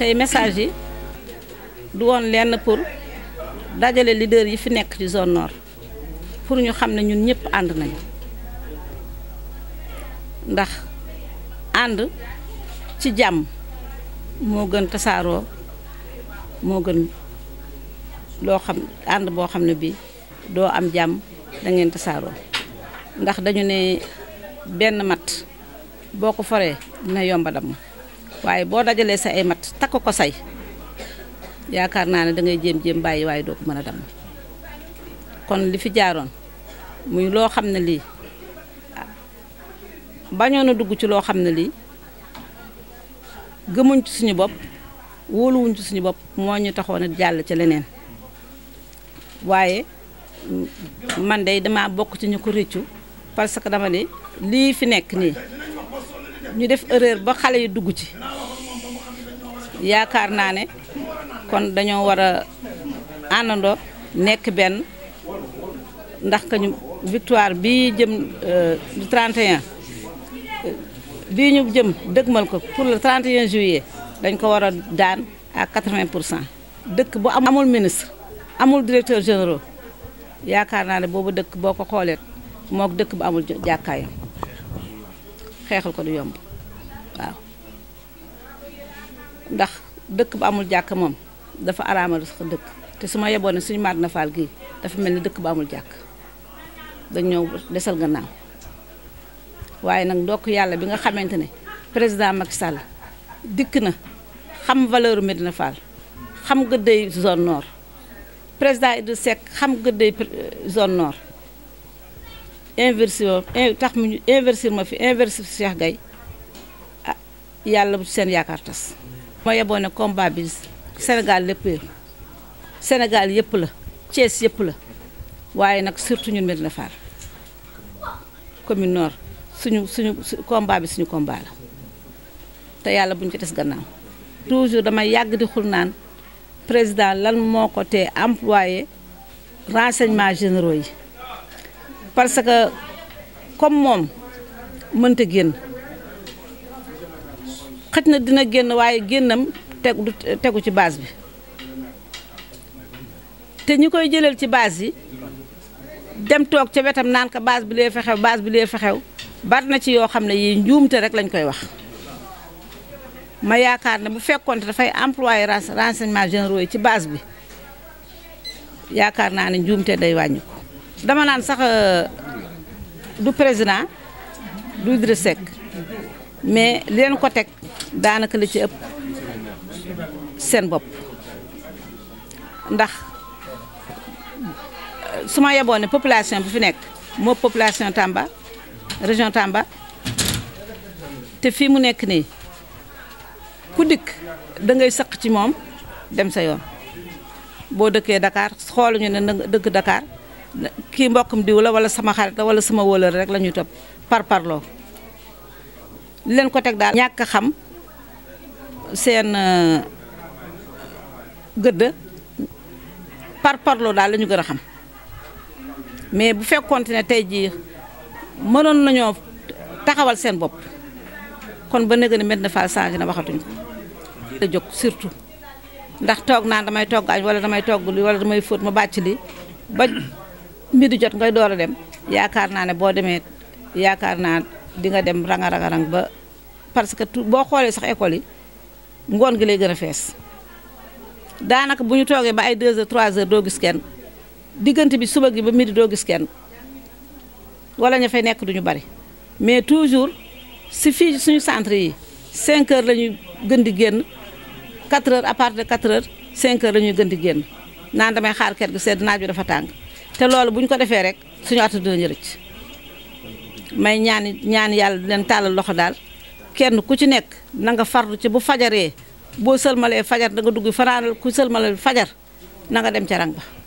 tey message yi du woon lenn pour dajale leader yi fi nekk ci zone nord pour ñu xam ne ñun ñëpp ànd nañu ndax ànd ci jàmm moo gën tasaaroo moo gën loo xam ànd boo xam ne bii doo am jàmm dangeen tasaaroo ndax dañu ne benn mat boo ko foree dina yomba damm waaye boo dajalee sa ay mat takk ko say yaakaar naa ne dangay jéem jéem bàyyi waaye doo ko mën a dem kon li fi jaaroon muy loo xam ne lii bañoon a dugg ci loo xam ne lii gëmuñ ci suñu bopp wóoluwuñ ci suñu bopp moo ñu taxoon a jàll ci leneen waaye man de dama bokk ci ñu ko rëccu parce que dama ne lii fi nekk nii ñu def erreur ba xale yi dugg ci yaakaar naa ne kon dañoo war a àndandoo nekk benn ndax ka ñu victoire bii jëm du 31 bii ñu jëm dëgmal ko pour le 31 juillet dañ ko war a daan à 80 pour cent dëkk bu amul ministre amul directeur général yaakaar naa ne boobu dëkk boo ko xoolee moo dëkk bu amul jàkkaayam xeexal ko du yomb waaw ndax dëkk bu amul jàkk moom dafa araamal sax dëkk te su ma yeboon ne suñu maat na faal gii dafa mel ni dëkk bu amul jàkk dañ ñëw desal gannaaw waaye nag ndokk yàlla bi nga xamante ne président Macky Sall dikk na xam valeur Medina Fall xam gëddëy zone nord président Idriss Seck xam gëddëy zone noor investir tax mu investir ma fi investir Cheikh Gaye ah yàlla bu seen yaakaar tas. ma yeboo ne combat bi Sénégal lépp Sénégal yëpp la Thiès yëpp la waaye nag surtout ñun Medina Fall commune nord suñu suñu combat bi suñu combat la te yàlla buñ ko des gannaaw. toujours damay yàgg di xul naan président lan moo ko tee employé renseignement généraux yi. parce que comme moom mënta génn xëj na dina génn waaye génnam tegu du tegu ci baas bi te ñi koy jëlal ci baas yi dem toog ca wetam naan ko base bi lee fexew base bi lee fexew bari na ci yoo xam ne yi njuumte rek lañ koy wax ma yaakaar ne bu fekkoon te dafay employé renseignement généraux yi ci baas bi yaakaar naa ni njuumte day wàññi dama naan sax euh, du président du Idrissa Seck mais li leen ko teg daanaka la ci ëpp seen bopp ndax su ma yeboon ne population bi fi nekk moo population tàmba région tàmba te fii mu nekk nii ku dikk da ngay sëq ci moom dem sa yoon boo dëkkee Dakar xooluñu ne dëkk Dakar kii mbokkum diw la wala sama xarit la wala sama wóolal rek la ñuy topp par parloo li leen ko teg daal ñàkk xam seen euh, gëdd par parloo daal la ñu gën a xam mais bu fekkoonte ne tey jii mënoon nañoo taxawal seen bopp kon ba nëgë ne Médina Fall changé na waxatuñ ko. surtout ndax toog naa damay togg añ wala damay togg li wala damay fóot ma bàcc li ba. midi jot ngay doora dem yaakar na ne bo demé yaakar na di nga dem ranga ranga rang ba parce que bo xolé sax école yi ngone gi lay gëna fess fees daanaka bu ñu ba ay 2 h 3 h do gis kenn digënté bi suba gi ba midi do gis kenn wala ña fay nekk duñu bari mais toujours ci fi suñu centre yi 5 h lañu ñuy gën di génn 4 h à part de 4 h 5 h lañu ñuy gën di génn naan damay xaar kër gi sédd naaj bi dafa tang te loolu bu ñu ko defee rek suñu atu dinañu rëcc may ñaan ñaan yàlla di leen tàllal loxo daal kenn ku ci nekk na nga farlu ci bu fajaree boo sëlmalee fajar da nga dugg fanaanal ku sëlmalee fajar na nga dem ca ran ba